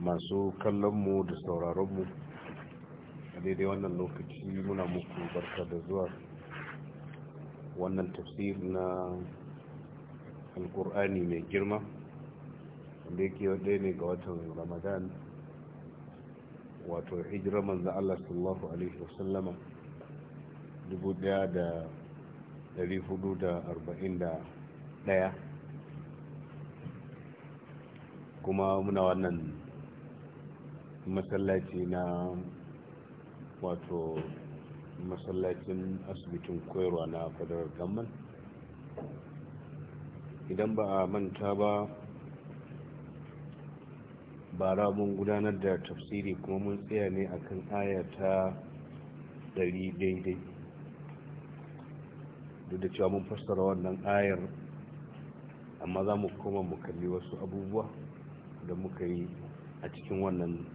Masu masu mu da sauraron mu. a daidai wannan lokaci muna muku barka da zuwa wannan tafsir na alkur'ani mai girma wanda yake wadda ne ga watan ramadan wato hijira manzan Allah sallallahu alaihi wasallama 1441 kuma muna wannan masallaci na wato masallacin asibitin koyarwa na fadar gamman idan ba a manta ba bara mun gudanar da tafsiri kuma mun tsaya ne akan kan ta ɗari daidai duk da cewa mun fassara wannan ayar amma za mu koma mu kalli wasu abubuwa da muka yi a cikin wannan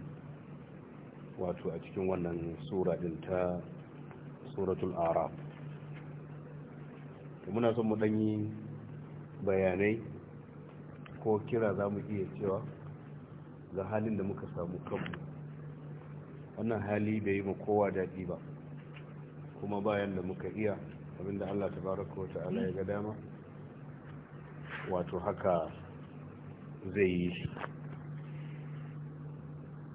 wato a cikin wannan sura din ta suratul araf muna son mu ɗanyi bayanai ko kira za mu iya cewa ga halin da muka samu kanmu wannan hali bai yi kowa daɗi ba kuma bayan da muka iya abinda allah ta wa ta'ala ya ga dama wato haka zai yi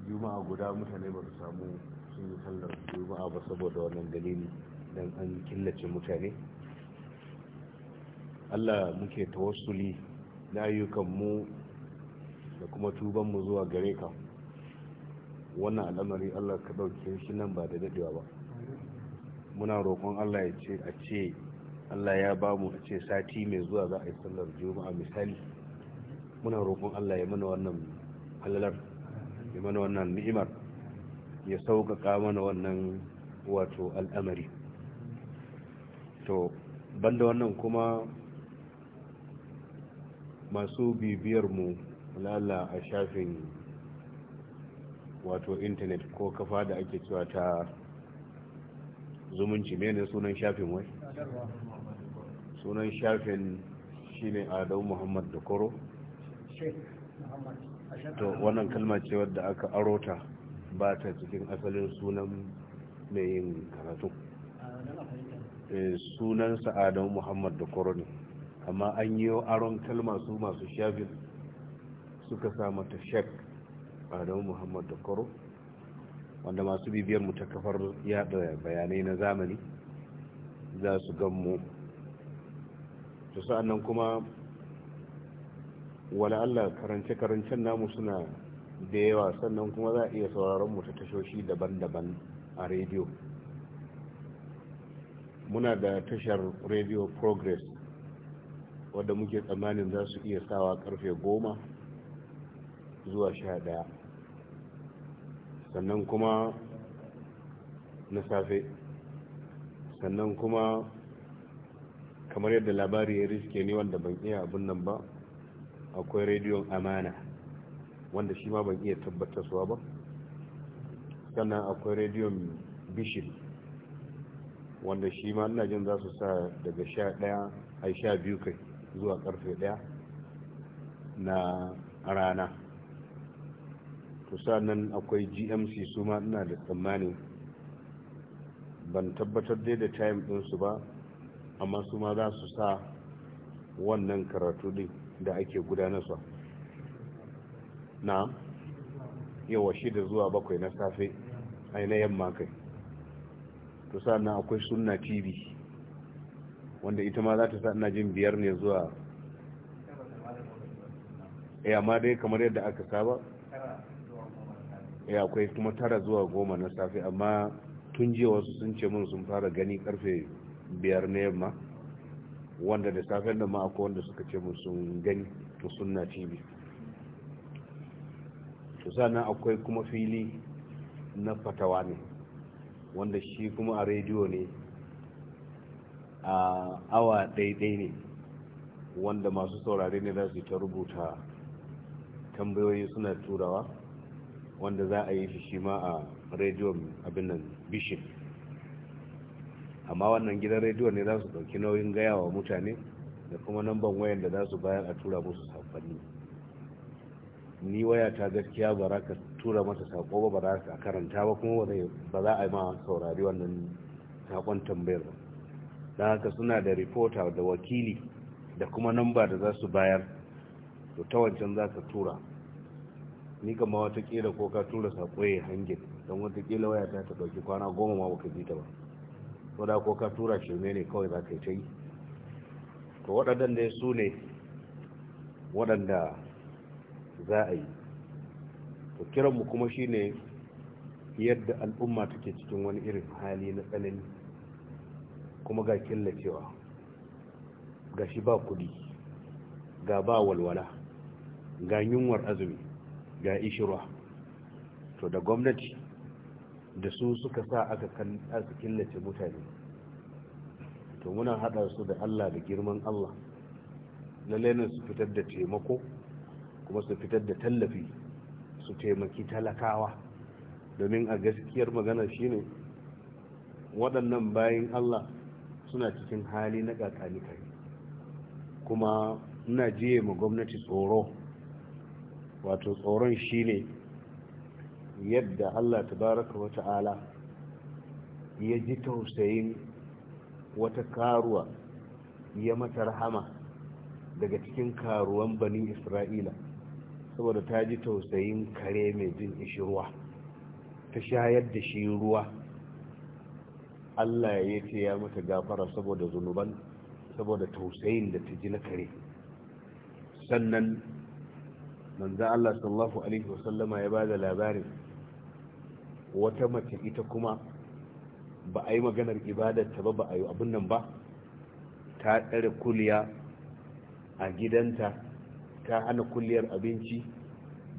juma'a guda mutane ba su samu sun yi sallar juma'a ba saboda wannan dalili dan an killace mutane Allah muke tawassuli na mu da kuma tuban mu zuwa gare ka wannan al'amari Allah ka ɗauke shi nan ba da dadewa ba muna roƙon Allah ya ce a ce Allah ya ba mu a ce sati mai zuwa za a yi sallar juma'a misali muna roƙon Allah ya mana wannan halalar ya mana wannan ni'imar ya sauƙaƙa mana wannan wato al'amari to banda wannan kuma masu bibiyarmu lala a shafin wato intanet ko kafa da ake cewa ta zumunci mene sunan shafin wai sunan shafin shine adamu muhammad da koro to wannan kalma ce wadda aka arota ba ta cikin asalin sunan mai yin karatu eh, sunan sa'adan muhammad da koroni amma an yi aron kalma su masu shafin suka samu mata shek Adamu muhammad da koro wanda masu bibiyar mu ta kafar yada bayanai na zamani za su gan mu to sa'annan kuma wala Allah karance-karancen namu suna da yawa sannan kuma za a iya sauraron mu ta tashoshi daban-daban a rediyo muna da tashar radio progress wadda muke tsammanin za su iya sawa karfe goma zuwa sha daya sannan kuma na safe sannan kuma kamar yadda labari ya riske ne wanda ban iya abin nan ba akwai rediyon amana wanda shi ma ban iya tabbatarwa ba sannan akwai rediyon bishil wanda shi ma ina jin za su sa daga sha ɗaya a sha biyu kai zuwa karfe ɗaya na rana to sannan akwai gmc su ma ina da tsammani ban tabbatar dai da time ɗinsu ba amma su ma za su sa wannan karatu din. da ake gudanarsa na yawa shida zuwa bakwai na safe a na yamma kai to sa'annan akwai sunna tv wanda ita ma za ta sa ina jin biyar ne zuwa ya eh, ma dai kamar yadda aka saba ya eh, akwai kuma tara zuwa goma na safe amma tun jiya wasu sun ce mun sun fara gani karfe biyar na yamma wanda da safen da ma akwai wanda suka ce mu sun gani to suna tv to sannan akwai kuma fili na fatawa ne wanda shi kuma a rediyo ne a awa daidai ne wanda masu saurare ne za su ta rubuta tambayoyi suna turawa wanda za a yi shi shi ma a rediyon abin bishin amma wannan gidan rediyo ne za su ɗauki nauyin gaya wa mutane da kuma namban wayan da za su bayan a tura musu saƙonni ni waya ta gaskiya ba za ka tura mata saƙo ba ba za ka karanta ba kuma ba za a yi ma saurari wannan saƙon tambayar ba don haka suna da ripota da wakili da kuma namba da za su bayar to ta wancan za ka tura ni kama watakila ko ka tura saƙo ya hange don watakila waya ta ta ɗauki kwana goma ma baka ji ta ba to ko ka tura shi ne kawai za ka yi ta yi to waɗannan ne su ne waɗanda za a yi to kiranmu kuma shi ne yadda al'umma take cikin wani irin hali na tsanani kuma ga killacewa ga shi ba kudi ga ba walwala ga yunwar azumi ga ishirwa to da gwamnati da su suka sa aka killace mutane to muna haɗa su da allah da girman allah na ne su fitar da taimako kuma su fitar da tallafi su taimaki talakawa domin a gaskiyar magana shine waɗannan bayan allah suna cikin hali na kakani kai kuma ina jiye ma gwamnati tsoro wato tsoron shine yadda Allah Ta baraka wa ta'ala ya ji tausayin wata karuwa ya mata rahama daga cikin karuwan bani isra'ila saboda ta ji tausayin kare mai jin ruwa ta shayar da shi ruwa Allah ya ce ya mata gafara saboda zunuban saboda tausayin da ta ji na kare sannan manzo Allah sallallahu alaihi wasallama ya bada labarin wata mace ita kuma ba a yi maganar ibadarta ba ba a yi abin nan ba ta tsare kuliya a gidanta ta hana kuliyar abinci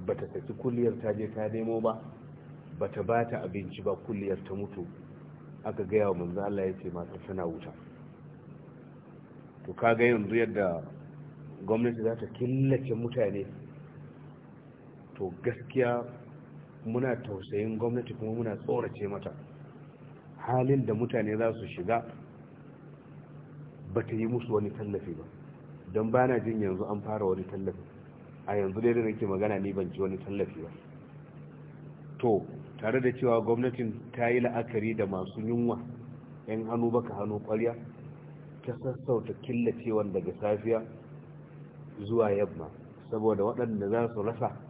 ba ta saki kuliyar ta je ta nemo ba ba ta ba ta abinci ba kuliyar ta mutu aka gaya wa manzo Allah ya ce mata tana wuta to kaga yanzu yadda gwamnati za ta killace mutane to gaskiya muna tausayin gwamnati kuma muna tsorace mata halin da mutane za su shiga ba ta yi musu wani tallafi ba don ba na jin yanzu an fara wani tallafi a yanzu dai da nake magana ni ban ci wani tallafi ba to tare da cewa gwamnatin ta yi la'akari da masu yunwa 'yan hannu baka hannu kwarya ta sassauta killacewan daga safiya zuwa yamma saboda waɗanda za su rasa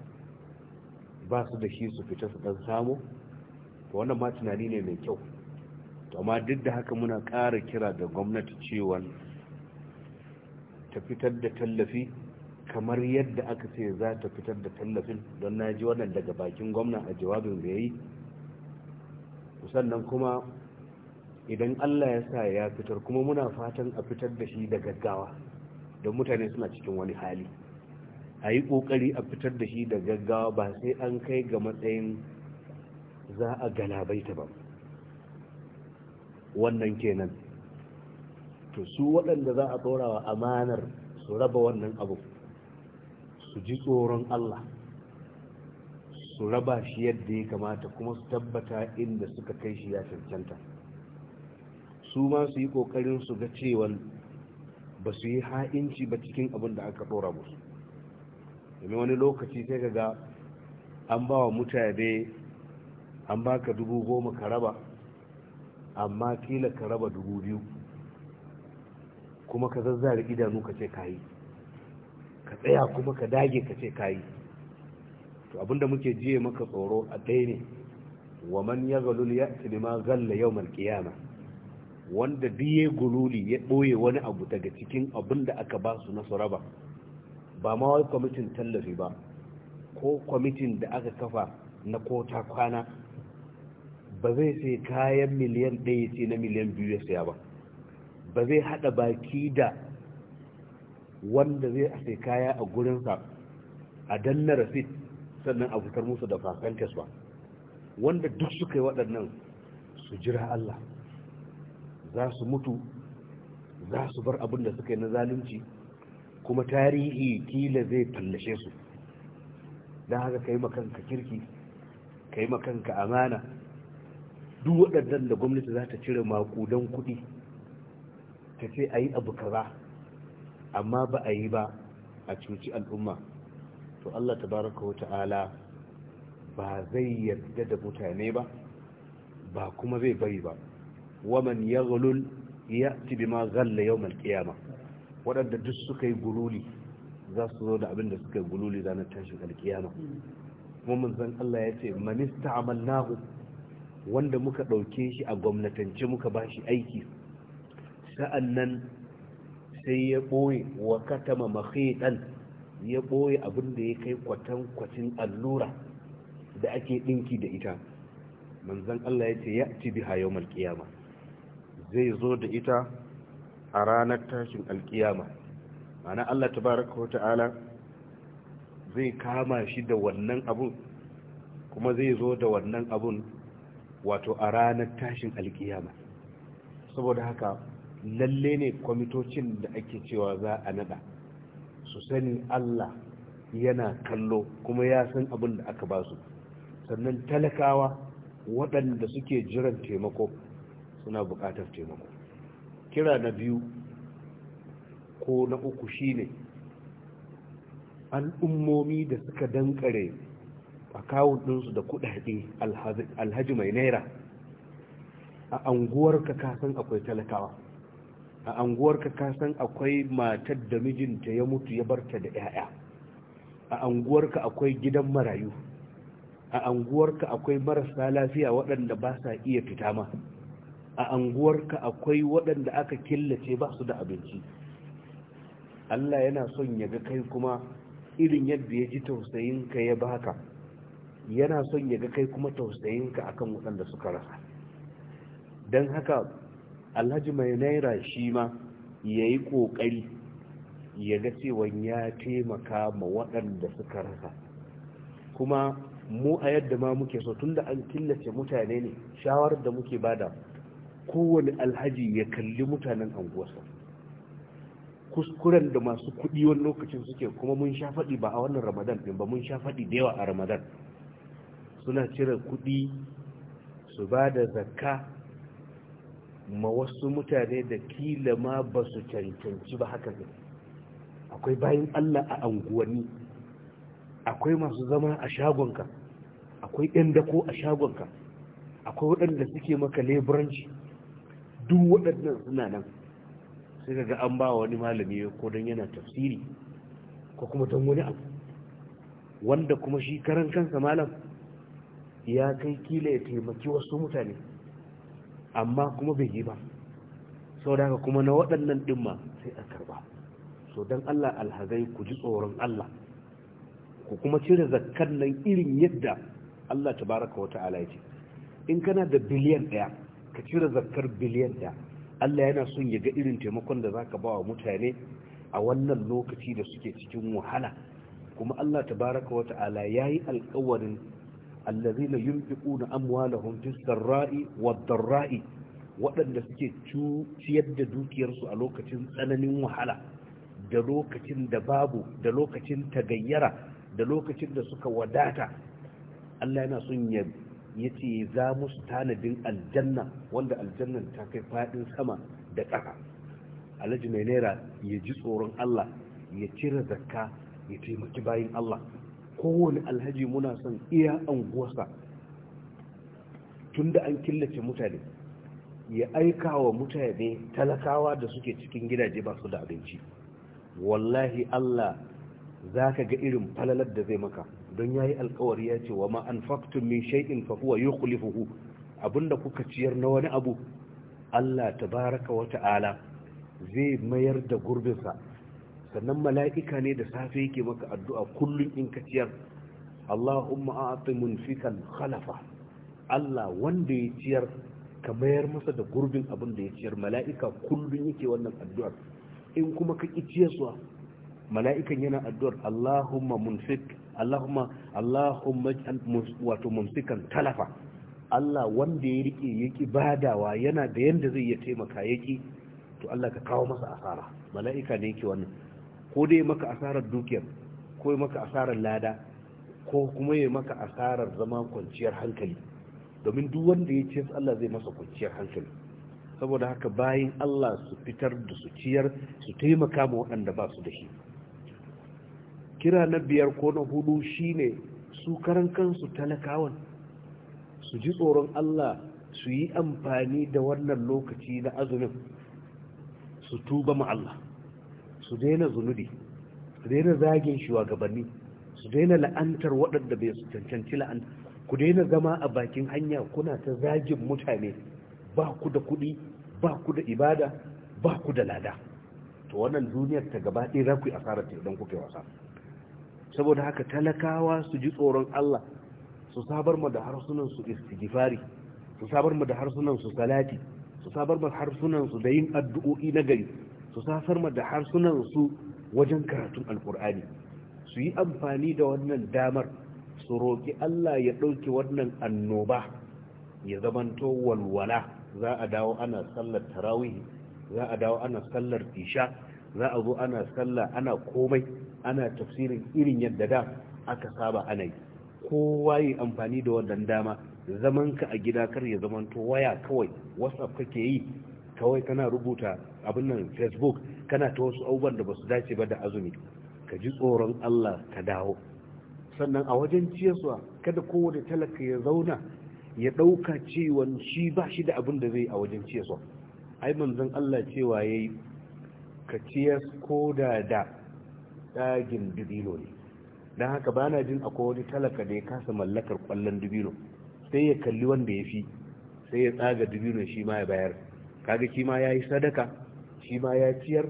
ba su da shi su fita su dan samu to wannan ma tunani ne mai kyau to amma duk da haka muna ƙara kira da gwamnati cewa ta fitar da tallafi kamar yadda aka ce za ta fitar da tallafin don na ji wannan daga bakin gwamna a jawabin da ya yi sannan kuma idan allah ya sa ya fitar kuma muna fatan a fitar da shi da gaggawa don mutane suna cikin wani hali a yi ƙoƙari a fitar da shi da gaggawa ba sai an kai ga matsayin za a galabaita ba wannan kenan to su waɗanda za a ɗorawa amanar su raba wannan abu su ji tsoron Allah su raba shi yadda ya kamata kuma su tabbata inda suka kai shi ya cancanta su ma su yi ƙoƙarin su ga cewa ba su yi ha'inci ba cikin abin da aka ɗora musu domin wani lokaci sai ka ga an ba wa mutane an ba ka dubu goma ka raba amma kila ka raba dubu biyu kuma ka zazzare idanu ka ce ka yi ka tsaya kuma ka dage ka ce ka yi to abinda muke jiye maka tsoro a ɗaya ne wa man ya galul ya ma galla yau Malkiyana wanda biye gululi ya ɓoye wani abu daga cikin abinda aka ba su na su raba ba ma wai kwamitin tallafi ba ko kwamitin da aka kafa na kota kwana ba zai sai kayan miliyan ɗaya ce na miliyan biyu ya saya ba ba zai haɗa baki da wanda zai sai kaya a gurinsa a danna rasit sannan a fitar musu da fafantas ba wanda duk suka yi waɗannan su jira Allah za su mutu za su bar abin da suka yi na zalunci kuma tarihi kila zai fallashe su don haka ka yi makanka kirki ka yi makanka amana duk waɗannan da gwamnati za ta cire makudan kuɗi ta ce a yi abu kaza amma ba a yi ba a cuci al'umma to allah tabaraka wa ta'ala ba zai yarda da mutane ba ba kuma zai bari ba waman ya zulul ya ci bi ma zalla yau malkiyama waɗanda duk suka yi gululi za su zo da abin da suka yi gululi ranar tashin alkiyama kuma mun san Allah ya ce manista amalnahu wanda muka ɗauke shi a gwamnatance muka ba shi aiki nan sai ya ɓoye wa katama ɗan ya ɓoye abin da ya kai kwatan kwacin allura da ake ɗinki da ita manzan Allah ya ce ya ci biha yau zai zo da ita a ranar tashin alkiyama ma'ana Allah tabaraka wata'ala zai kama shi da wannan abun kuma zai zo da wannan abun wato a ranar tashin alkiyama saboda haka lalle ne kwamitocin da ake cewa za a nada su sani Allah yana kallo kuma ya san abin da aka basu sannan talakawa waɗanda suke jiran taimako suna buƙatar taimako kira na biyu ko na uku shi ne. al'ummomi da suka dankare akawun ɗinsu da kuɗaɗe alhaji mai naira a anguwarka kasan akwai talakawa a anguwarka kasan akwai matar da mijinta ya mutu ya barta da 'ya'ya a anguwarka akwai gidan marayu a anguwarka akwai marasa lafiya waɗanda ba sa iya fita ma a anguwarka akwai waɗanda aka killace ba su da abinci Allah yana son ya ga kai kuma irin yadda ya ji tausayinka ya baka yana son ya ga kai kuma tausayinka akan waɗanda suka rasa don haka alhaji mai naira shi ma ya yi ƙoƙari ya ga cewan ya taimaka ma waɗanda suka rasa kuma mu a yadda ma muke so tunda an killace mutane ne shawarar da muke bada kowane alhaji ya kalli mutanen anguwarsa kuskuren da masu kuɗi wani lokacin suke kuma mun sha faɗi ba a wannan ramadan ɗin ba mun sha faɗi da yawa a ramadan suna cire kuɗi su ba da zakka ma wasu mutane da kila ma ba su cancanci ba haka ne akwai bayan allah a anguwanni akwai masu zama a shagonka akwai yan dako a shagonka akwai waɗanda suke maka leburanci duk waɗannan suna nan sai ga an ba wani malami ko don yana tafsiri ko kuma don wani abu wanda kuma shi karan kansa malam ya kai kila ya taimaki wasu mutane amma kuma bai yi ba sau da kuma na waɗannan ɗinma sai a karɓa. so don allah alhazai ku ji tsoron allah ku kuma cire zakkan nan irin yadda allah ta baraka wata ala in kana da biliyan ɗaya ka cire zakar biliyan da Allah yana son ya ga irin taimakon da zaka ba wa mutane a wannan lokaci da suke cikin wahala kuma Allah tabaraka wa ta'ala yayi alƙawarin allazina yunfiquna amwalahum fis sarra'i wad dharra'i waɗanda suke ciyar da dukiyarsu a lokacin tsananin wahala da lokacin da babu da lokacin tagayyara da lokacin da suka wadata Allah yana son ya ya ce za musu tanadin aljanna wanda aljannan ta kai faɗin sama da ƙasa alhaji mai naira ya ji tsoron allah ya cire zakka ya taimaki bayan allah kowane alhaji muna son iya anguwarsa tun da an killace mutane ya aika wa mutane talakawa da suke cikin gidaje ba su da abinci wallahi allah za ka ga irin falalar da zai maka don yi alkawari ya ce wa ma anfaqtum min shay'in fa huwa yukhlifuhu abinda kuka ciyar na wani abu Allah Ta baraka wata'ala zai mayar da gurbinsa sannan mala'ika ne da safe yake maka addu'a kullum in ka ciyar Allahumma a'ti munfikan khalafa Allah wanda ya ciyar ka mayar masa da gurbin abin da ya ciyar mala'ika kullum yake wannan addu'ar in kuma ka ki ciyarwa mala'ikan yana addu'ar Allahumma munfik Allahumma Allahumma wato mumsikan talafa Allah wanda ya rike yaki badawa yana da yanda zai ya taimaka yaki to Allah ka kawo masa asara mala'ika ne yake wannan ko dai maka asarar dukiyar ko maka asarar lada ko kuma ya maka asarar zama kwanciyar hankali domin duk wanda ya ce Allah zai masa kwanciyar hankali saboda haka bayan Allah su fitar da su ciyar su taimaka ma waɗanda ba su da shi kira na biyar ko na hudu shine su karan kansu talakawan su ji tsoron Allah su yi amfani da wannan lokaci na azumin su tuba ma Allah su daina zunubi su daina zagin shugabanni su daina la'antar waɗanda bai su cancanci la'anta ku daina zama a bakin hanya kuna ta zagin mutane ba ku da kuɗi ba ku da ibada ba ku da lada to wannan duniyar ta gaba ɗaya za ku yi asarar idan kuke wasa saboda haka talakawa su ji tsoron Allah su sabar mu da harsunan su istighfari su sabar mu da harsunan su salati su sabar mu harsunan su da yin addu'o'i na gari su sabar mu da harsunan su wajen karatun alkur'ani su yi amfani da wannan damar su roƙi Allah ya ɗauki wannan annoba ya zamanto walwala za a dawo ana sallar tarawihi za a dawo ana sallar isha za a zo ana sallah ana komai ana tafsirin irin yadda da aka saba ana yi kowa yi amfani da wannan dama zaman ka a gida kar ya zamanto waya kawai whatsapp kake yi kawai kana rubuta abin nan facebook kana ta wasu abubuwan da basu dace ba da azumi ka ji tsoron allah ka dawo sannan a wajen ciyarwa kada kowane talaka ya zauna ya ɗauka cewa shi ba shi da abin da zai a wajen ciyarwa ai manzon allah cewa yayi ka ciyar ko da da tsagin dubilo ne don haka ba na jin akwai wani talaka da ya kasa mallakar kwallon dubilo sai ya kalli wanda ya fi sai ya tsaga dubilo shi ma ya bayar kaga shi ma ya yi sadaka shi ma ya ciyar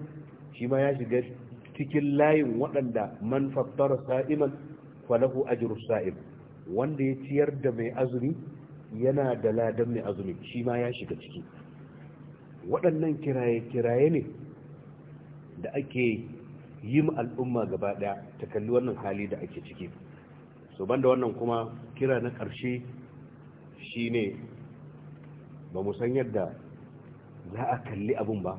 shi ma ya shiga cikin layin waɗanda man fattara sa'iman falahu ajru sa'im wanda ya ciyar da mai azumi yana da ladan mai azumi shi ma ya shiga ciki waɗannan kiraye-kiraye ne da ake yi mu al'umma gaba ɗaya ta kalli wannan hali da ake ciki so banda wannan kuma kira na ƙarshe shine ba mu san yadda za a kalli abun ba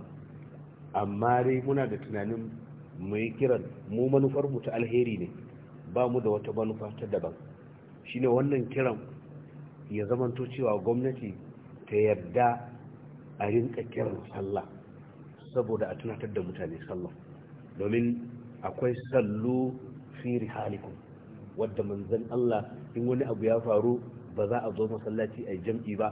amma dai muna da tunanin mu yi kiran mu manufar mu ta alheri ne ba mu da wata manufa ta daban shine wannan kiran ya zamanto cewa gwamnati ta yarda a rinka kiran sallah saboda a tunatar da mutane sallah domin akwai sallu fi rihalikum wadda manzon Allah in wani abu ya faru ba za a zo masallaci a jam'i ba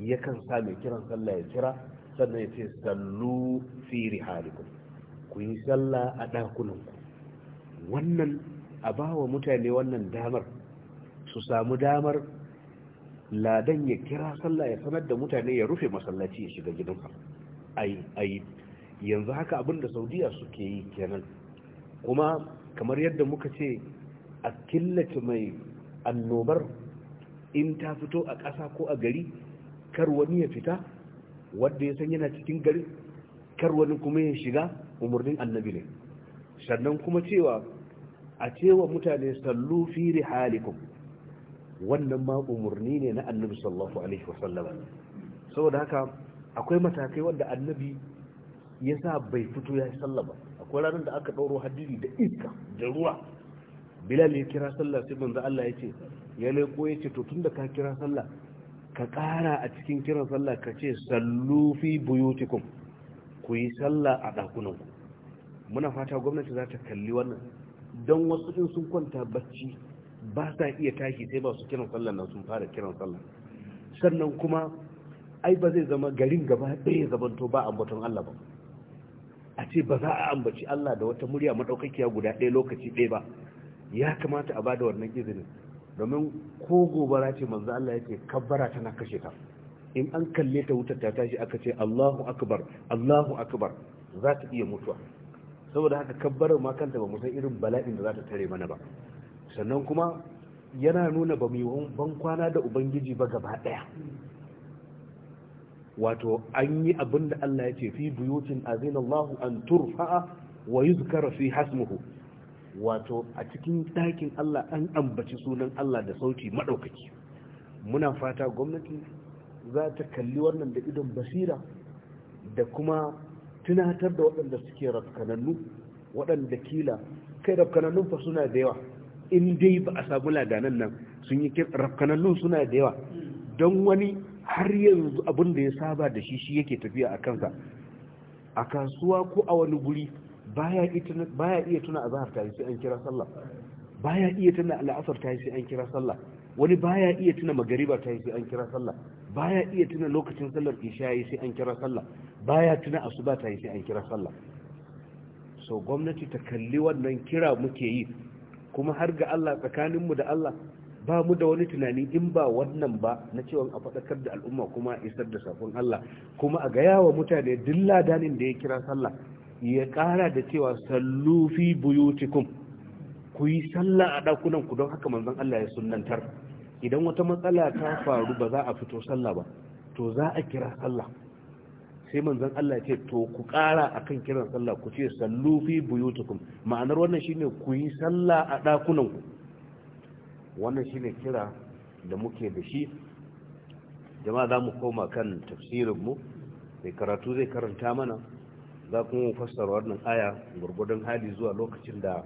yakan sa mai kiran sallah ya kira sannan ya ce sallu fi rihalikum ku yi sallah a ɗakunanku wannan a ba wa mutane wannan damar su samu damar ladan ya kira sallah ya sanar da mutane ya rufe masallaci ya shiga gidan ai ai yanzu haka abin da saudiya suke yi kenan kuma kamar yadda muka ce a killace mai annobar in ta fito a ƙasa ko a gari kar wani ya fita wadda ya san yana cikin gari kar wani kuma ya shiga umarnin annabi ne sannan kuma cewa a cewa mutane sallu fi halikun wannan ma umarni ne na annabi sallallahu alaihi wasallam saboda haka akwai matakai wanda annabi ya sa bai fito ya yi sallah ba akwai ranar da aka ɗauro hadiri da iska da ruwa bilal ya kira sallah sai manzo Allah ya ce ya leko ya ce to tunda ka kira sallah ka ƙara a cikin kiran sallah ka ce sallu fi buyutikum ku yi sallah a ɗakunanku muna fata gwamnati za ta kalli wannan don wasu in sun kwanta bacci ba sa iya tashi sai ba su kiran sallah nan sun fara kiran sallah sannan kuma ai ba zai zama garin gaba ɗaya zabanto ba a ambaton Allah ba a ce ba za a ambaci Allah da wata murya madaukakiya guda ɗaya lokaci ɗaya ba ya kamata a bada wannan izinin domin ko gobara ce manzo Allah yake kabbara tana kashe ka. in an kalle ta wutar ta tashi aka ce Allahu akbar Allahu akbar za ta iya mutuwa saboda haka kabbarar ma kanta ba mu san irin bala'in da za ta tare mana ba sannan kuma yana nuna ba mu yi ban kwana da ubangiji ba gaba daya wato an yi abin da Allah ya ce fi buyutin azina Allah an turfa'a wa yuzkara fi hasmuhu wato a cikin ɗakin Allah an ambaci sunan Allah da sauti maɗaukaki muna fata gwamnati za ta kalli wannan da idon basira da kuma tunatar da waɗanda suke rafkanannu waɗanda kila kai rafkanannun fa suna da yawa in dai ba a samu ladanan nan sun yi rafkanannun suna da yawa don wani har yanzu abin da ya saba da shi shi yake tafiya a kansa a kasuwa ko a wani guri baya iya tuna zahar ta yi sai an kira sallah baya iya tuna al'asar ta yi sai an kira sallah wani baya iya tuna magariba ta yi sai an kira sallah baya iya tuna lokacin sallar isha yi sai an kira sallah baya tuna asuba ta yi sai an kira sallah so gwamnati ta kalli wannan kira muke yi kuma har ga Allah tsakaninmu da Allah ba mu da wani tunani in ba wannan ba na cewa a faɗakar da al'umma kuma a isar da safon Allah kuma a gaya wa mutane duk ladanin da ya kira sallah ya ƙara da cewa sallu fi buyutikum ku yi sallah a ɗakunan ku don haka manzon Allah ya sunnantar idan wata matsala ta faru ba za a fito sallah ba to za a kira sallah sai manzon Allah ya ce to ku ƙara akan kiran sallah ku ce sallu fi buyutikum ma'anar wannan shine ku yi sallah a ɗakunan ku wannan shine kira da muke da shi jama'a za mu koma kan tafsirinmu mai karatu zai karanta mana za kuma mu fassara wannan aya gurgudun hali zuwa lokacin da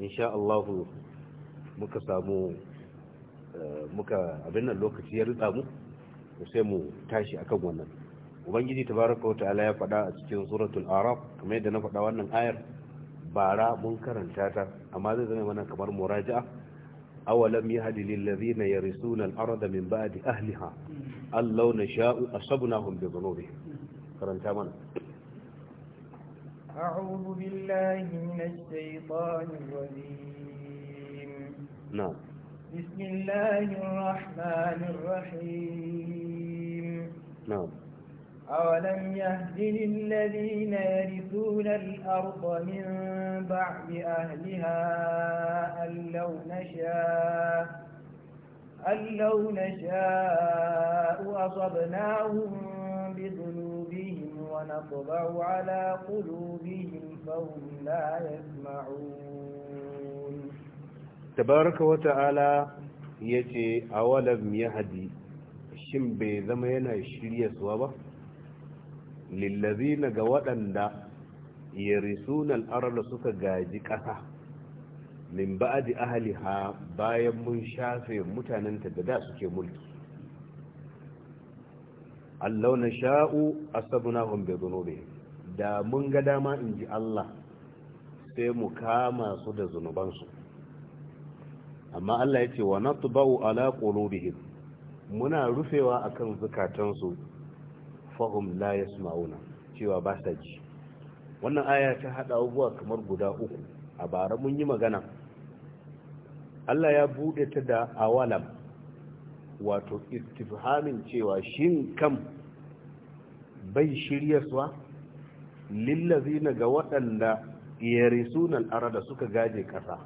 insha Allah muka samu eh, muka abin nan lokaci ya ritsa mu sai mu tashi akan wannan ubangiji tabaraka wa ta'ala ya faɗa a cikin suratul araf kamar yadda na faɗa wannan ayar bara mun karanta ta amma zai zama mana kamar muraja'a أولم يهد للذين يرثون الأرض من بعد أهلها أن لو نشاء أصبناهم بذنوبهم قرنتا من أعوذ بالله من الشيطان الرجيم نعم بسم الله الرحمن الرحيم نعم أولم يهد للذين يرثون الأرض من بعد أهلها أن لو نشاء أن لو نشاء أصبناهم بذنوبهم ونطبع على قلوبهم فهم لا يسمعون تبارك وتعالى يتي أولم يهدي شمبي ذمينا zama yana lillazina ga waɗanda yarisunan arda suka gaji ƙasa min ba'di ahliha bayan mun shafe mutanen ta da suke mulki Allah na sha'u hum bi dhunubi da mun ga dama inji Allah sai mu kama su da su. amma Allah ya ce wa natba'u ala qulubihim muna rufewa akan zukatansu fa’um la yasma'una cewa ba sa ji wannan aya ta hada abubuwa kamar guda uku a bara mun yi magana Allah ya buɗe ta da awalam wato istifhamin cewa shin kam bai lillazi na ga waɗanda ara da suka gaje ƙasa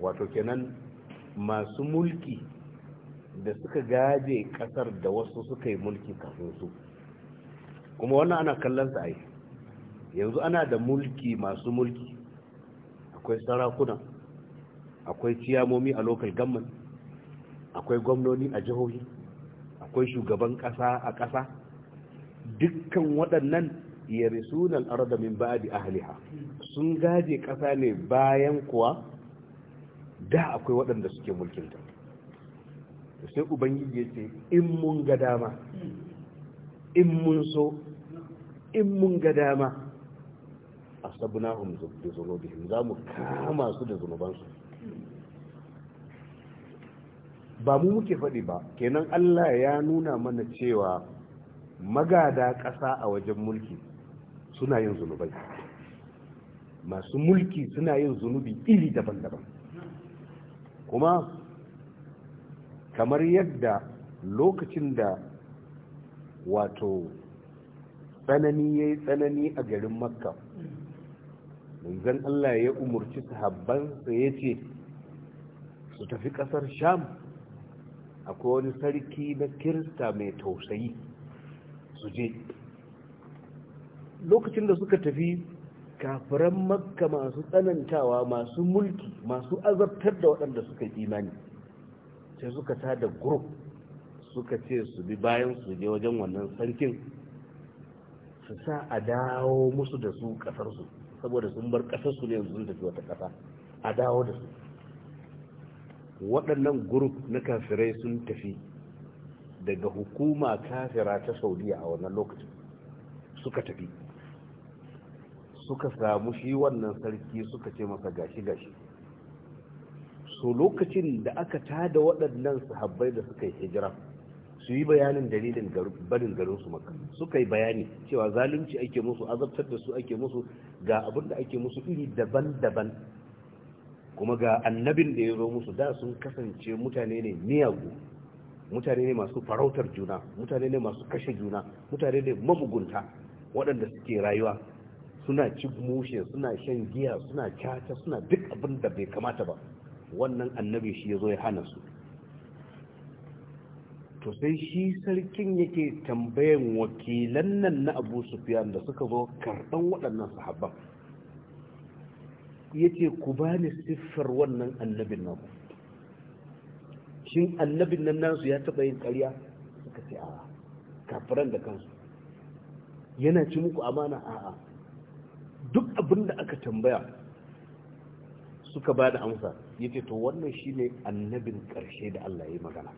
wato kenan masu mulki da suka gaje ƙasar da wasu suka yi mulki kafin su kuma wannan ana kallon sa ai yanzu ana da mulki masu mulki akwai sarakuna akwai ciyamomi a local government akwai gwamnoni a jihohi akwai shugaban kasa a kasa dukkan waɗannan yarisunan sunan min ba'di ahliha sun gaje kasa ne bayan kuwa da akwai waɗanda suke mulkinta sai ubangiji ya ce in mun ga dama in mun so in mun ga dama a sabuna da za mu kama su da zunubansu ba mu muke faɗi ba kenan allah ya nuna mana cewa magada ƙasa a wajen mulki suna yin zunubai masu mulki suna yin zunubi iri daban-daban kuma kamar yadda lokacin da wato tsanani ya yi tsanani a garin makka manzan allah ya umarci sahabbansa ya ce su tafi kasar sham akwai wani sarki na kirista mai tausayi su je lokacin da suka tafi kafiran makka masu tsanantawa masu mulki masu azabtar da waɗanda suka yi imani sai suka tada guruf suka ce su bi bayan su je wajen wannan sarkin su sa a dawo musu da su kasarsu saboda sun bar kasarsu ne yanzu da tafi wata kasa a dawo da su waɗannan guruf na kafirai sun tafi daga hukuma kafira ta saudiya a wannan lokacin suka tafi suka samu shi wannan sarki suka ce masa gashi gashi so lokacin da aka tada waɗannan sahabbai da suka yi hijira su yi bayanin dalilin barin garin su maka suka yi bayani cewa zalunci ake musu azabtar da su ake musu ga abin da ake musu iri daban-daban kuma ga annabin da ya zo musu da sun kasance mutane ne miyagu mutane ne masu farautar juna mutane ne masu kashe juna mutane ne mamugunta waɗanda suke rayuwa suna cin mushe suna shan giya suna caca suna duk abin da bai kamata ba wannan annabi shi ya zo ya hana su to sai shi sarkin yake tambayan wakilan nan na abu sufiyan da suka zo karɓan waɗannan sahabban ya ce ku ba ni siffar wannan annabin nan shin annabin nan nasu ya taɓa yin ƙarya suka ce a kafiran da kansu yana ci muku amana a'a duk abin da aka tambaya suka ba da amsa ya ce to wannan shine annabin ƙarshe da Allah ya yi magana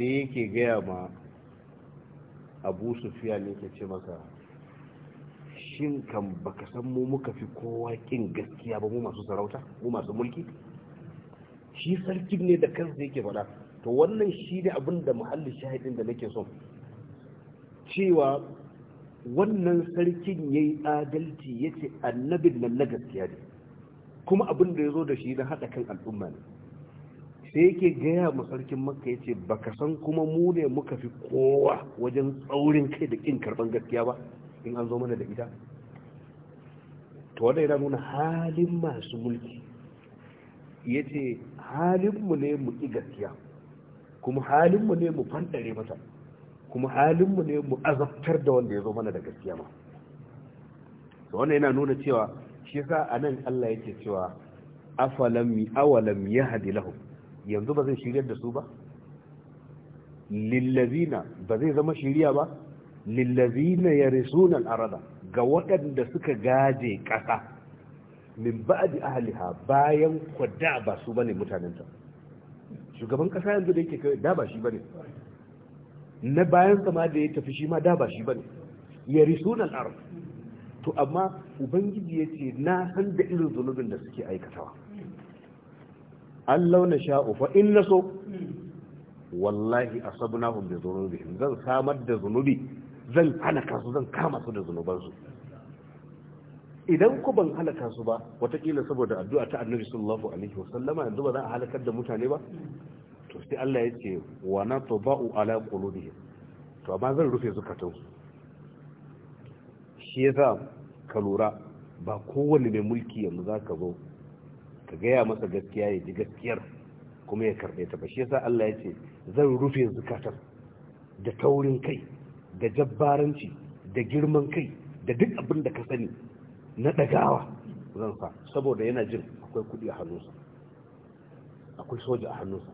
sai yake gaya ma abu ne yake ce maka shin kan baka san mu muka fi kowa kin gaskiya ba mu masu sarauta mu masu mulki shi sarkin ne da kansa yake faɗa to wannan shi ne abin da muhallin shahidin da nake son cewa wannan sarkin ya yi adalci ya ce annabin nan na gaskiya ne kuma abin da ya zo da shi na haɗa kan al'umma ne sai yake gaya ma sarkin makka ya ce baka san kuma mu ne muka fi kowa wajen tsaurin kai da kin karban gaskiya ba in an zo mana da ita to wanda yana nuna halin masu mulki ya ce halinmu ne mu ƙi gaskiya kuma halinmu ne mu fandare mata kuma halinmu ne mu azabtar da wanda ya zo mana da gaskiya ma to wannan yana nuna cewa shi sa a nan allah yake cewa afalam awalam yahdi lahum yanzu ba zai shiryar da su ba lillazina ba zai zama shiriya ba lillazina ya al-arada ga waɗanda suka gaje ƙasa min ba'di ahliha bayan kwada ba su bane mutanen ta shugaban ƙasa yanzu da yake kai da ba shi bane na bayan sama da ya tafi shi ma da ba shi bane yarisuna al-ard to amma ubangiji yace na san da irin zunubin da suke aikatawa allau na sha'u fa in na so wallahi asabnahum bi zunubi zan samar da zunubi zan halaka su zan kama su da zunubansu idan ku ban halaka su ba watakila saboda addu'a ta annabi sallallahu alaihi sallama yanzu ba za a halakar da mutane ba to sai Allah ya ce wa na tuba'u ala qulubihim to amma zan rufe zukatan su shi yasa ka lura ba kowane mai mulki yanzu zaka zo ka gaya masa gaskiya ya ji gaskiyar kuma ya karɓe ta ba shi yasa Allah ya ce zan rufe zukatar da taurin kai da jabbaranci da girman kai da duk abin da ka sani na ɗagawa zan sa saboda yana jin akwai kuɗi a hannunsa akwai soja a hannunsa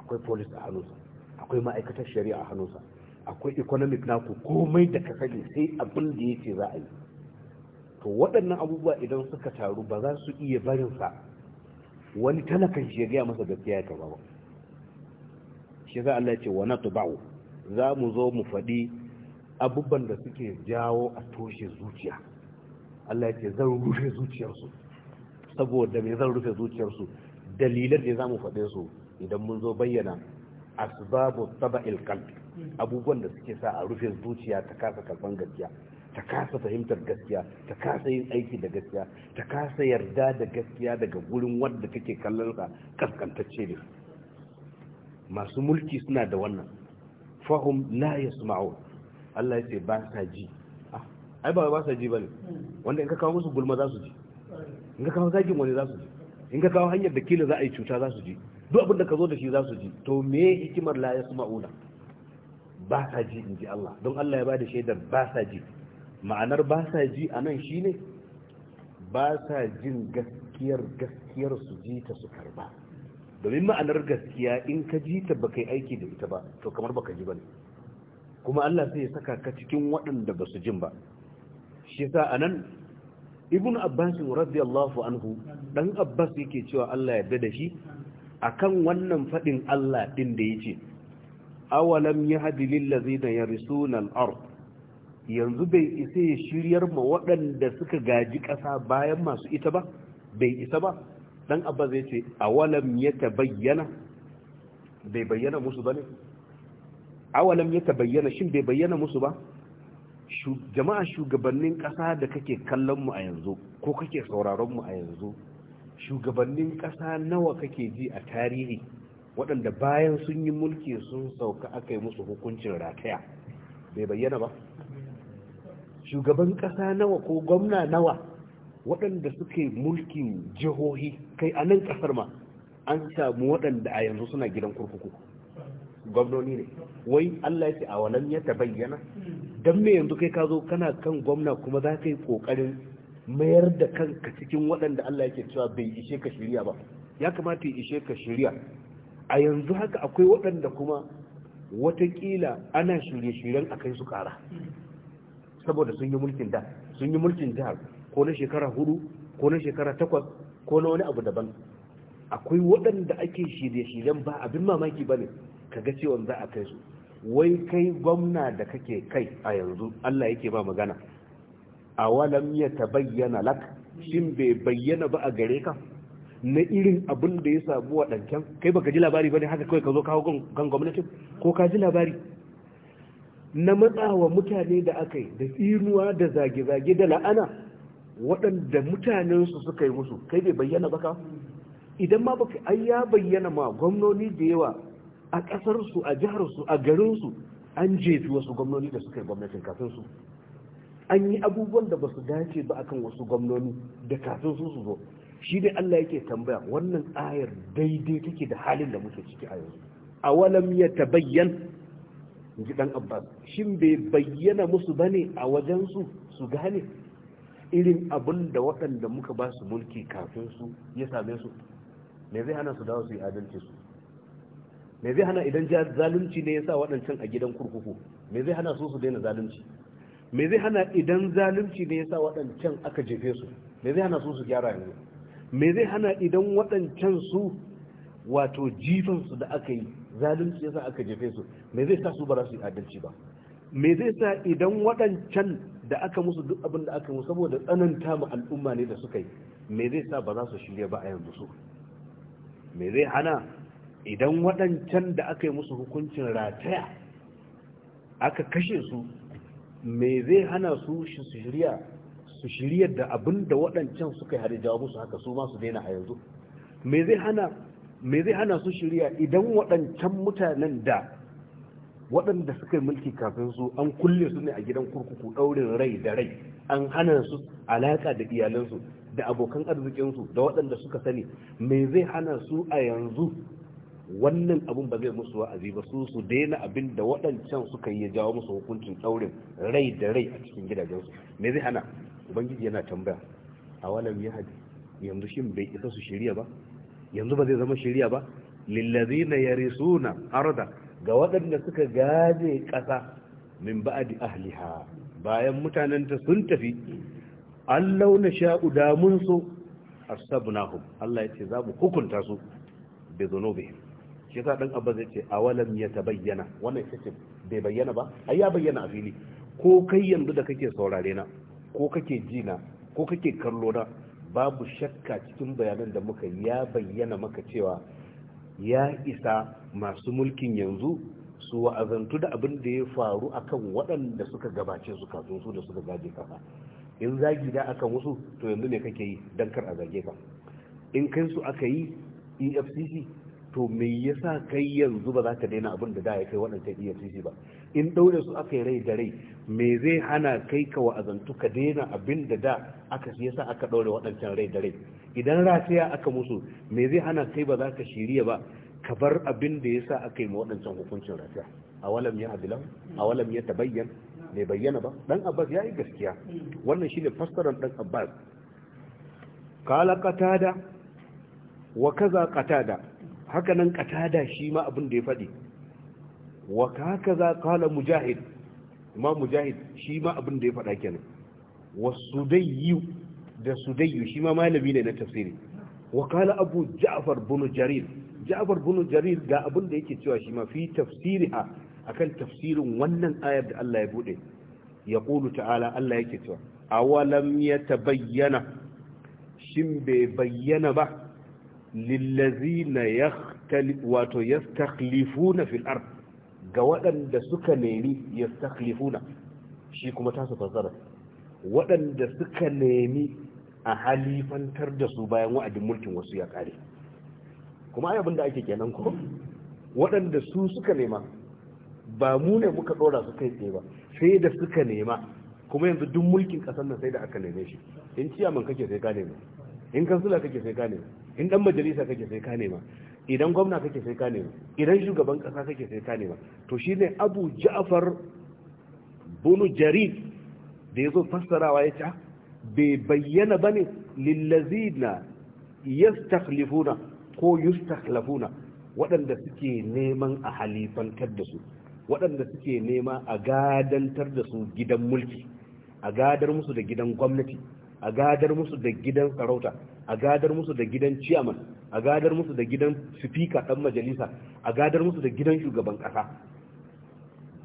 akwai police a hannunsa akwai ma'aikatar shari'a a hannunsa akwai economic naku komai da ka sani sai abin da ya ce za a yi to waɗannan abubuwa idan suka taru ba za su iya barinsa wani talakan shi ya gaya masa gaskiya ya karba ba shi za Allah ce na tuba'u za mu zo mu faɗi abubuwan da suke jawo a toshe zuciya Allah ce zan rufe zuciyarsu saboda me zan rufe zuciyarsu dalilan da za mu faɗe su idan mun zo bayyana asbabu taba'il qalbi abubuwan da suke sa a rufe zuciya ta kasa kalban gaskiya ta kasa fahimtar gaskiya ta kasa yin aiki da gaskiya ta kasa yarda da gaskiya daga gurin wadda kake kallon sa kaskantacce ne masu mulki suna da wannan fahum la yasma'u Allah ya ce ba sa ji ah, ai ba ba sa ji bane wanda in ka kawo musu gulma za su ji in ka kawo zagin wani za su ji in ka kawo hanyar da kila za a yi cuta za su ji duk abin da ka zo da shi za su ji to me hikimar la ya yasma'una ba sa ji in ji Allah don Allah ya ba da shaidar ba sa ji ma'anar ba sa ji a nan shi ne ba sa jin gaskiyar gaskiyar su ji ta su karba domin ma'anar gaskiya in ka ji ta baka aiki da ita ba to kamar baka ji ba ne kuma Allah sai ya saka ka cikin waɗanda ba su jin ba shi sa a nan ibn abbasin radiyallahu anhu ɗan abbas yake cewa Allah ya da shi a kan wannan faɗin Allah ɗin da ya ce awalam yahdi Lillazi ladzina yarisuna al-ard yanzu bai isa ya shiryar ma waɗanda suka gaji ƙasa bayan masu ita ba bai isa ba dan abba zai ce a walam ya tabayyana bai bayyana musu ba ne A walam ya tabayyana shin bai bayyana musu ba jama'a shugabannin ƙasa da kake kallon mu a yanzu ko kake sauraron mu a yanzu shugabannin ƙasa nawa kake ji a tarihi waɗanda bayan sun yi mulki sun sauka aka yi musu hukuncin rataya bai bayyana ba shugaban ƙasa nawa ko gwamna nawa waɗanda suke mulkin jihohi kai a nan ƙasar ma an samu waɗanda a yanzu suna gidan kurkuku gwamnoni ne wai allah ya ce a walan ya bayyana don me yanzu kai ka zo kana kan gwamna kuma za ka yi ƙoƙarin mayar da kanka cikin waɗanda allah yake cewa bai ishe ka shirya ba ya kamata ya ishe ka shirya a yanzu haka akwai waɗanda kuma watakila ana shirye-shiryen a kai su ƙara saboda sun yi mulkin da sun yi mulkin jihar ko na shekara hudu ko na shekara takwas ko na wani abu daban akwai waɗanda ake shirye-shiryen ba abin mamaki ba ne ka ga cewa za a kai su wai kai gwamna da kake kai a yanzu Allah yake ba magana a walam ya bayyana lak shin bai bayyana ba a gare ka na irin abin da ya samu waɗancan kai baka ji labari ba ne haka kawai ka zo kawo kan gwamnatin ko ka ji labari na matsawa mutane da aka yi da tsinuwa da zage-zage da la'ana waɗanda mutanensu suka yi musu kai bai bayyana baka idan ma baka an ya bayyana ma gwamnoni da yawa a ƙasarsu a jiharsu a garinsu an jefi wasu gwamnoni da suka yi gwamnatin kafin su an yi abubuwan da ba su dace ba akan wasu gwamnoni da kafin su su zo shi ne Allah yake tambaya wannan tsayar daidai take da halin da muke ciki a yanzu awalam ya tabayyan ji dan abbas shin bai bayyana musu bane a wajen su su gane irin abin da waɗanda muka ba su mulki kafin su ya same su me zai hana su dawo su yi adalci su me zai hana idan zalunci ne ya sa waɗancan a gidan kurkuku me zai hana su su daina zalunci me zai hana idan zalunci ne ya sa waɗancan aka jefe su me zai hana su su gyara yanzu me zai hana idan waɗancan su wato jifansu da aka yi zalunci yasa aka jefe su me zai sa su ba za su yi adalci ba me zai sa idan waɗancan da aka musu duk abin da aka musu saboda tsananta ma al'umma ne da suka yi me zai sa ba za su shirya ba a yanzu su me zai hana idan waɗancan da aka yi musu hukuncin rataya aka kashe su me zai hana su shirya su shirya da abin da waɗancan suka yi har jawo musu haka su ma su daina a yanzu me zai hana me zai hana su shirya idan waɗancan mutanen da waɗanda suka yi mulki kafin su an kulle su ne a gidan kurkuku ɗaurin rai da rai an hana su alaƙa da iyalansu da abokan arzikinsu da waɗanda suka sani me zai hana su a yanzu wannan abin ba zai musu wa'azi ba su su daina abin da waɗancan suka yi ya jawo musu hukuncin ɗaurin rai da rai a cikin gidajensu me zai hana ubangiji yana tambaya a walam ya yanzu shin bai isa su shirya ba yanzu ba zai zama shirya ba lillazina yarisuna arda ga waɗanda suka gaje ƙasa min ba'di ahliha bayan mutanen ta sun tafi allau na sha'u da mun so asabnahum Allah ya ce za mu hukunta su bi dhunubihim shi ta dan abba zai ce awalam yatabayyana wannan ce bai bayyana ba ai ya bayyana a fili ko kai yanzu da kake saurare na ko kake ji na ko kake kallo na babu shakka cikin bayanan da muka ya bayyana maka cewa ya isa masu mulkin yanzu su wa'azantu da abin da ya faru akan waɗanda suka gabace su kafin su da suka gaje kafa in zagi da akan wasu to yanzu ne kake yi don kar a zage ka in kai su aka yi efcc to me yasa kai yanzu ba za ka daina abin da da ya kai waɗanda efcc ba in daure su aka yi rai da rai me zai hana kai ka wa'azantu ka daina abin da da aka shi yasa aka ɗaure waɗancan rai da rai idan rafiya aka musu me zai hana kai ba za ka shirya ba ka bar abin da yasa aka yi ma waɗancan hukuncin rafiya a walam ya adilan a walam ya tabayyan bai bayyana ba dan abbas ya yi gaskiya wannan shine fassarar dan abbas kala qatada wa kaza qatada haka nan qatada shi ma abin da ya faɗi wa haka za kala mujahid ma mujahid shi ma abin da ya faɗa kenan wa sudayyu da sudayyu shi ma malami ne na tafsiri wa kala abu ja'far bin jarir ja'far bin jarir ga abin da yake cewa shi ma fi a akan tafsirin wannan ayar da Allah ya bude ya qulu ta'ala Allah yake cewa awalam yatabayyana shin bai bayyana ba lillazina yakhtali wato yastakhlifuna fil ardh ga waɗanda suka nemi ya yastakhlifuna shi kuma tasu fassara waɗanda suka nemi a halifantar da su bayan wa'adin mulkin wasu ya ƙare kuma ai da ake kenan ko waɗanda su suka nema ba mu ne muka ɗora su kai tsaye ba sai da suka nema kuma yanzu duk mulkin ƙasar nan sai da aka neme shi in ciyaman kake sai ka nema in kansula kake sai ka nema in dan majalisa kake sai ka nema idan gwamna kake sai ka nema idan shugaban kasa kake sai ka nema to shine abu ja'far bunu jarid da yazo fassarawa ya ce ah, bai bayyana bane lillazina yastakhlifuna ko yustakhlafuna waɗanda suke neman a halifantar da su waɗanda suke nema a gadantar da su gidan mulki a gadar musu da gidan gwamnati a gadar musu da gidan sarauta a gadar musu da gidan ciyaman a gadar musu da gidan sufika dan majalisa a gadar musu da gidan shugaban kasa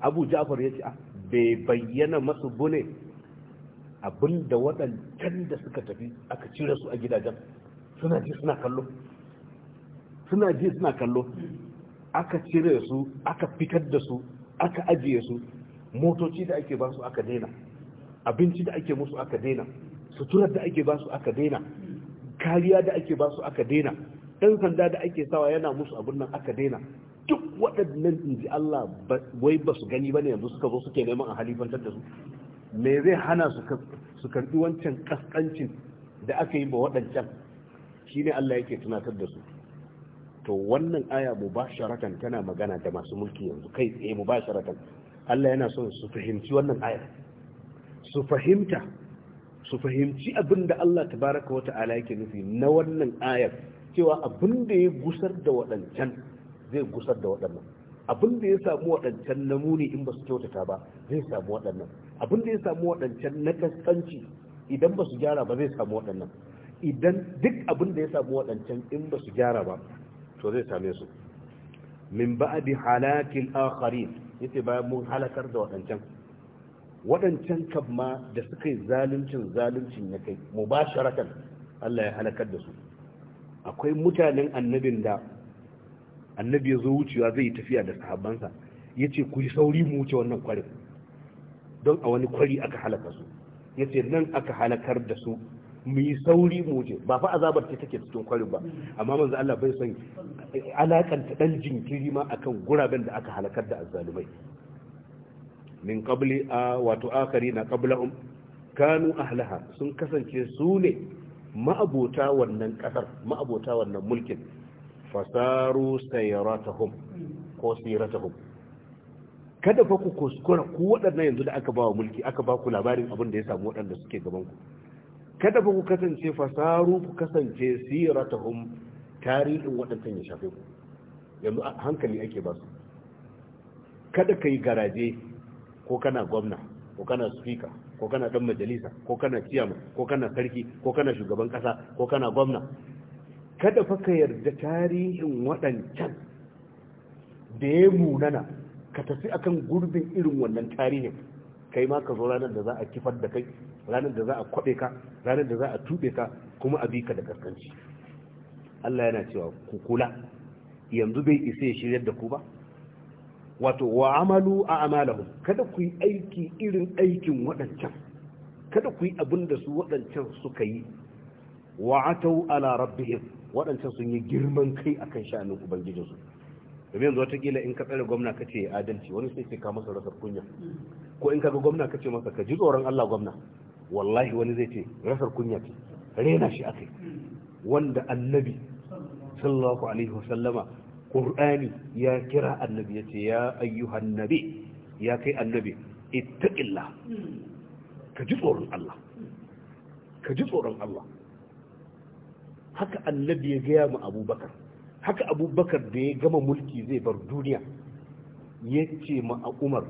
abu ja'far ya ce a ah, bai bayyana masu bune abinda waɗancan da suka tafi aka cire su a gidajen suna ji suna kallo suna ji suna kallo aka cire su aka fitar da su aka ajiye su motoci da ake ba su aka daina abinci da ake musu aka daina suturar da ake ba su aka daina kariya da ake ba su aka daina ɗan sanda da ake sawa yana musu abin nan aka daina duk waɗannan ji Allah wai ba su gani ba ne yanzu suka zo suke neman a halifantar da su me zai hana su karɓi wancan ƙasƙancin da aka yi ba waɗancan shi ne Allah yake tunatar da su to wannan aya mu ba sharatan tana magana da masu mulki yanzu kai tsaye mu ba sharatan Allah yana son su fahimci wannan aya su fahimta su fahimci abin da Allah tabaraka wa ta'ala yake nufi na wannan ayar cewa abin da ya gusar da waɗancan zai gusar da waɗannan abin da ya samu waɗancan na muni in ba su kyautata ba zai samu waɗannan abin da ya samu waɗancan na kaskanci idan ba su gyara ba zai samu waɗannan idan duk abin da ya samu waɗancan in ba su gyara ba to zai same su min ba'di halakil akharin yace bayan mun halakar da waɗancan waɗancan kan ma da suka yi zaluncin zaluncin ya kai mubasharatan Allah ya halakar da su akwai mutanen annabin da annabi ya zo wucewa zai yi tafiya da sahabbansa ya ce ku yi sauri mu wuce wannan kwarin don a wani kwari aka halaka su ya nan aka halakar da su mu yi sauri mu wuce ba fa azabar ta take cikin kwarin ba amma manzo Allah bai son alakanta dan jinkiri ma akan guraben da aka halakar da azzalumai min qabli a wato akari na qablahum kanu ahlaha sun kasance su ne ma'abota wannan kasar ma'abota wannan mulkin fasaru sayratahum ko sayratahum kada fa ku kuskura ku waɗannan yanzu da aka ba wa mulki aka ba ku labarin abin da ya samu waɗanda suke gaban ku kada fa ku kasance fasaru ku kasance sayratahum tarihin waɗannan ya shafe ku yanzu hankali ake ba su kada ka yi garaje ko kana gwamna ko kana speaker ko kana dan majalisa ko kana ciyama ko kana sarki ko kana shugaban kasa ko kana gwamna kada fa ka yarda tarihin waɗancan da ya munana ka tafi akan gurbin irin wannan tarihin kai ma ka zo ranar da za a kifar da kai ranar da za a kwaɓe ka ranar da za a tuɓe ka kuma a bi ka da kaskanci Allah yana cewa ku kula yanzu bai isa ya shiryar da ku ba wato wa amalu a amalahum kada ku yi aiki irin aikin waɗancan kada ku yi abin da su waɗancan suka yi wa atau ala rabbihim waɗancan sun yi girman kai akan sha'anin ubangijinsu domin yanzu kila in ka tsare gwamna ka ce adalci wani sai ce ka masa rasar kunya ko in ka ga gwamna ka ce masa ka ji tsoron Allah gwamna wallahi wani zai ce rasar kunya ce rena shi akai wanda annabi sallallahu alaihi wasallama qur'ani ya kira annabi ya ce ya ayyuhan nabi ya kai annabi ittaqillah ka ji tsoron Allah ka ji tsoron Allah haka annabi ya gaya mu abubakar haka abubakar da ya gama mulki zai bar duniya ya ce ma a umar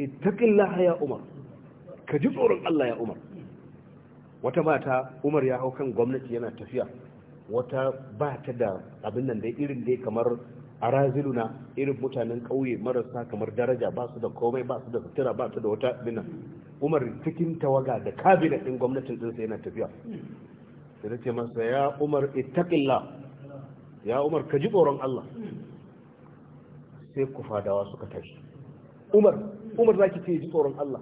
ittaqillah ya umar ka ji tsoron Allah ya umar wata mata umar ya hau kan gwamnati yana tafiya wata ba ta da abin nan da irin dai kamar a raziluna irin mutanen ƙauye marasa kamar daraja ba su da komai ba su da sutura ba su da wata dina umar cikin tawaga da kabinet ɗin gwamnatin ɗinsa yana tafiya sai ta ce masa ya umar ittaqillah ya umar ka ji tsoron Allah sai ku fadawa suka tashi umar umar zaki ce ji tsoron Allah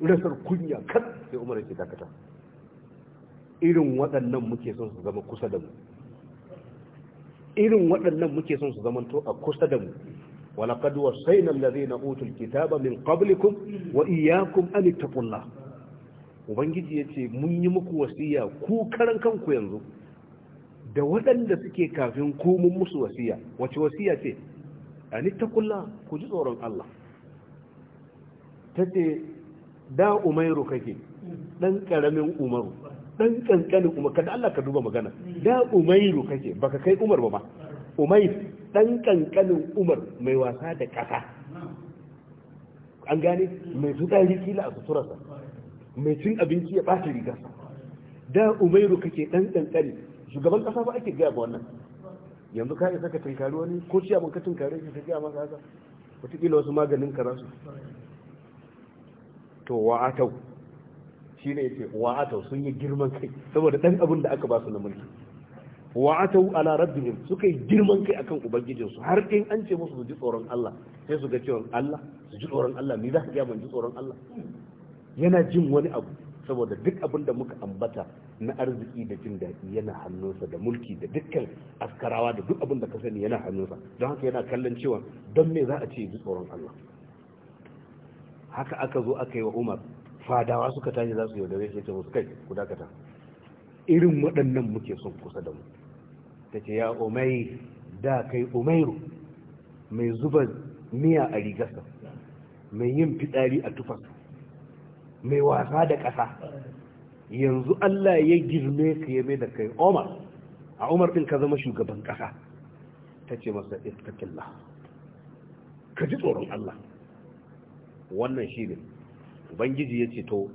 rasar kunya kan sai umar yake dakata irin waɗannan muke son su zama kusa da mu irin waɗannan muke son su zamanto a kusa da mu ولقد wasayna alladhina utul kitaba min qablikum wa iyyakum an الله ubangiji yace mun yi muku wasiya ku karan kanku yanzu da waɗanda suke kafin ku mun musu wasiya wace wasiya ce an ittaqullah ku ji tsoron Allah tace da umairu kake dan karamin umaru dan kankani kuma kada Allah ka duba magana da umairu kake baka kai umar ba ma umair dan kankanin umar mai wasa da kasa an gane mai fitsari kila a suturarsa mai cin abinci ya ɓata rigarsa da umairu kake dan kankani shugaban kasa ba ake gaya ba wannan yanzu ka isa saka tunkari wani ko ciyaman ka tinkari shi ka gaya maka haka wataƙila wasu maganin karasu to wa'atau shine yace wa atau sun yi girman kai saboda dan abin da aka ba su na mulki wa atau ala rabbihim suka yi girman kai akan ubangijin su har in an ce musu su ji tsoron Allah sai su ga cewa Allah su ji tsoron Allah ni za ka iya mun ji tsoron Allah yana jin wani abu saboda duk abin da muka ambata na arziki da jin daɗi yana hannunsa da mulki da dukkan askarawa da duk abin da ka sani yana hannunsa don haka yana kallon cewa don me za a ce ji tsoron Allah haka aka zo aka yi wa Umar fadawa suka tashi za su yaudare shi ta musu kai ku dakata irin waɗannan muke son kusa da mu ta ce ya umai da kai umairu mai zuba miya a rigarsa mai yin fitsari a tufa mai wasa da ƙasa yanzu Allah ya girme ka ya mai da kai Umar a Umar ɗin ka zama shugaban ƙasa ta ce masa iskakillah ka ji tsoron Allah wannan shi ne ubangiji ya ce to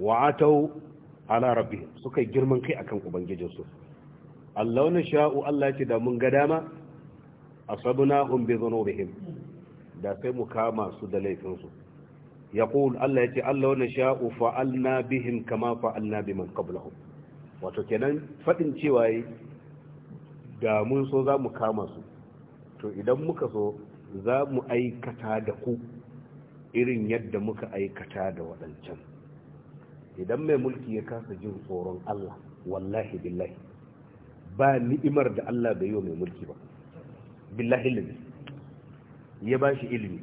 atau ala rabbi suka girman kai akan ubangijinsu Allah na sha'u Allah ce da mun ga dama asabna hum bi dhunubihim da sai mu kama su da laifinsu yaqul Allah yace Allah na sha'u fa'alna bihim kama fa'alna biman qablahum wato kenan fadin cewa da mun so za mu kama su to idan muka so za mu aikata da ku irin yadda muka aikata da waɗancan idan mai mulki ya kasa jin tsoron Allah wallahi billahi ba ni'imar da Allah bai yi mai mulki ba billahi ilimi ya ba shi ilimi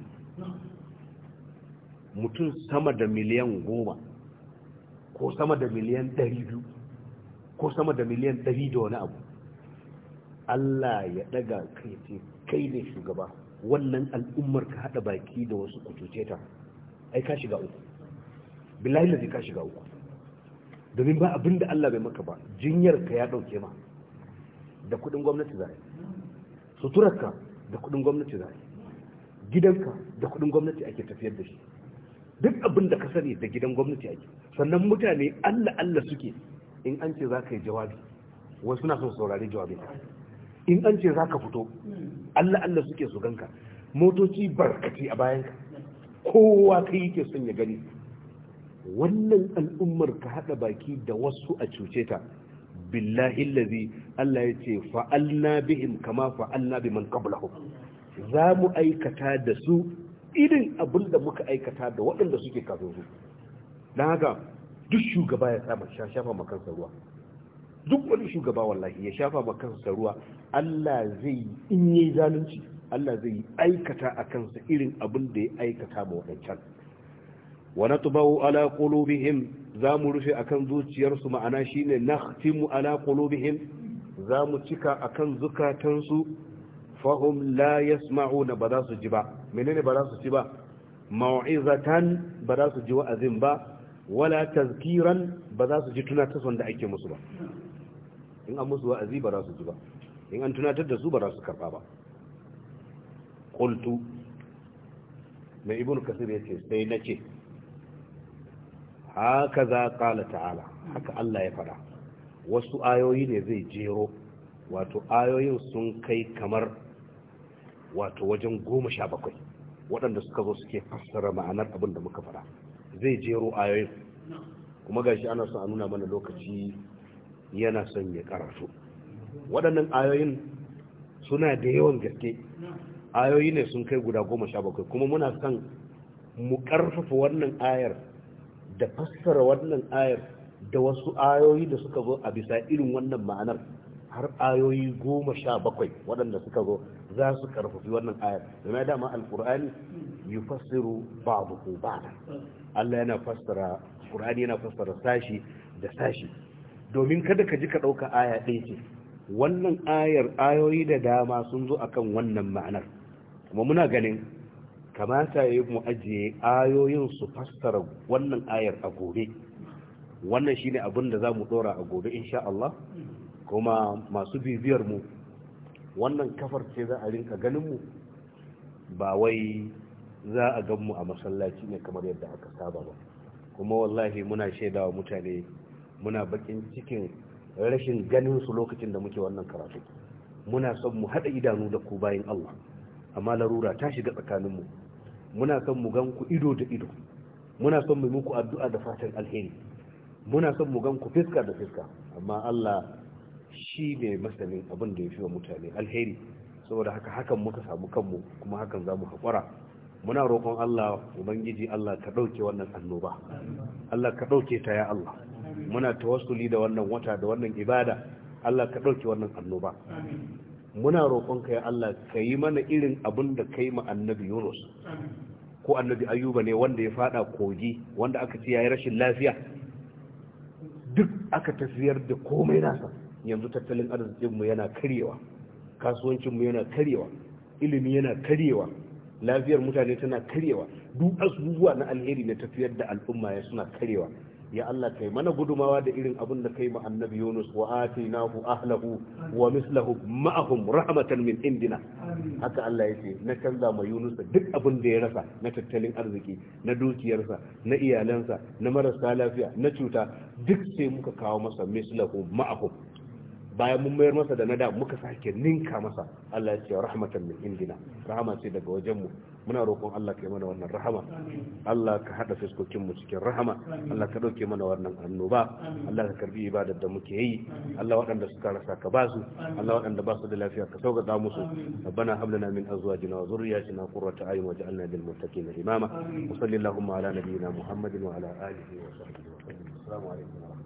mutum sama da miliyan goma ko sama da miliyan ɗari biyu ko sama da miliyan ɗari da wani abu Allah ya ɗaga kai ce kai ne shugaba wannan al'ummar ka haɗa baki da wasu kutuce ta ai ka shiga uku billahi lazi ka shiga uku domin ba abin da Allah bai maka ba jinyar ka ya ɗauke ma da kuɗin gwamnati zai suturarka da kuɗin gwamnati zai gidanka da kuɗin gwamnati ake tafiyar da shi duk abin da ka sani da gidan gwamnati ake sannan mutane Allah Allah suke in an ce za ka yi jawabi wasu na son saurari jawabin in an ce za ka fito Allah Allah suke su ganka motoci barkati a bayanka kowa kai yake son ya gani wannan al'ummar ka haɗa baki da wasu a cuce ta billahi lazi Allah ya ce fa'alna bihim kama fa'alna bi man qablahum za mu aikata da su irin abin da muka aikata da waɗanda suke kafin su don haka duk shugaba ya sama shafa makansa ruwa duk wani shugaba wallahi ya shafa makansa ruwa Allah zai in yi zalunci Allah zai yi aikata a kansa irin abin da ya aikata ma waɗancan wani tubawo ala za mu rufe a kan zuciyarsu ma'ana shi ne nakhtimu ala qulubihim za mu cika a kan zukatansu fahim la yasma'una ba za su ji ba menene ba za su ji ba mau'izatan ba za su ji wa'azin ba wala tazkiran ba za su ji tunatarwa da ake musu ba in an musu wa'azi ba za su ji ba in an tunatar da su ba za su karba ba qultu mai ibnu kasir ce sai nace haka za qala ta'ala haka Allah ya faɗa. wasu ayoyi ne zai jero wato ayoyin sun kai kamar wato wajen goma sha bakwai waɗanda suka zo suke fassara ma'anar abin da muka fara zai jero ayoyin kuma gashi ana son a nuna mana lokaci yana son ya karatu waɗannan ayoyin suna da yawan gaske ayoyi ne sun kai guda goma sha bakwai kuma muna son mu ƙarfafa wannan ayar da fassara wannan ayar da wasu ayoyi da suka zo a bisa irin wannan ma'anar har ayoyi goma sha bakwai waɗanda suka zo za su ƙarfafi wannan ayar domin dama alƙur'ani yi fassiru babu ko ba Allah yana fassara ƙur'ani yana fassara sashi da sashi domin kada ka ji ka ɗauka aya ɗaya ce wannan ayar ayoyi da dama sun zo akan wannan ma'anar kuma muna ganin kamata ya yi mu ajiye ayoyin su fassara wannan ayar a gobe wannan shine abin da za mu dora a gobe insha Allah kuma masu bibiyar mu wannan kafar ce za a rinka ganin mu ba wai za a gan mu a masallaci ne kamar yadda aka saba ba kuma wallahi muna shaidawa mutane muna bakin cikin rashin ganin su lokacin da muke wannan karatu muna son mu haɗa idanu da ku bayan Allah amma larura ta shiga tsakaninmu muna son mu gan ido da ido muna son mu muku addu'a da fatan alheri muna son mu gan ku fiska da fiska amma Allah shi ne masanin abin da ya fi wa mutane alheri saboda haka hakan muka samu kanmu kuma hakan za mu haƙura muna roƙon Allah ubangiji Allah ka ɗauke wannan annoba Allah ka ɗauke ta ya Allah muna tawassuli da wannan wata da wannan ibada Allah ka ɗauki wannan annoba muna roƙon ka ya Allah ka yi mana irin abin da ka yi ma annabi Yunus ko annabi Ayuba ne wanda ya fada kogi wanda aka ce yayi rashin lafiya duk aka tafiyar da komai nasa yanzu tattalin arzikinmu yana karyewa kasuwancinmu yana karyewa ilimi yana karyewa lafiyar mutane tana karyewa duk asubuwa na alheri na tafiyar da al'umma ya suna karyewa ya Allah kai mana gudumawa da irin abin da kai ma annabi Yunus wa atinahu ahlahu wa mislahu ma'ahum rahmatan min indina haka Allah yake na canza ma Yunus duk abin da ya rasa na tattalin arziki na dukiyarsa na iyalansa na marasa lafiya na cuta duk sai muka kawo masa mislahu ma'ahum bayan mun mayar masa da nada muka sake ninka masa Allah ya ce rahmatan min indina rahama ce daga wajen mu muna rokon Allah ka yi mana wannan rahama Allah ka haɗa fiskokin mu cikin rahama Allah ka ɗauke mana wannan annoba Allah ka karbi ibadar da muke yi Allah waɗanda suka rasa ka basu su Allah waɗanda ba su da lafiya ka sauƙaƙa musu rabbana hablana min azwajina wa dhurriyyatina qurrata a'yun waj'alna lil muttaqina imama wa sallallahu ala nabiyyina muhammadin wa ala alihi wa sahbihi wa sallam assalamu alaikum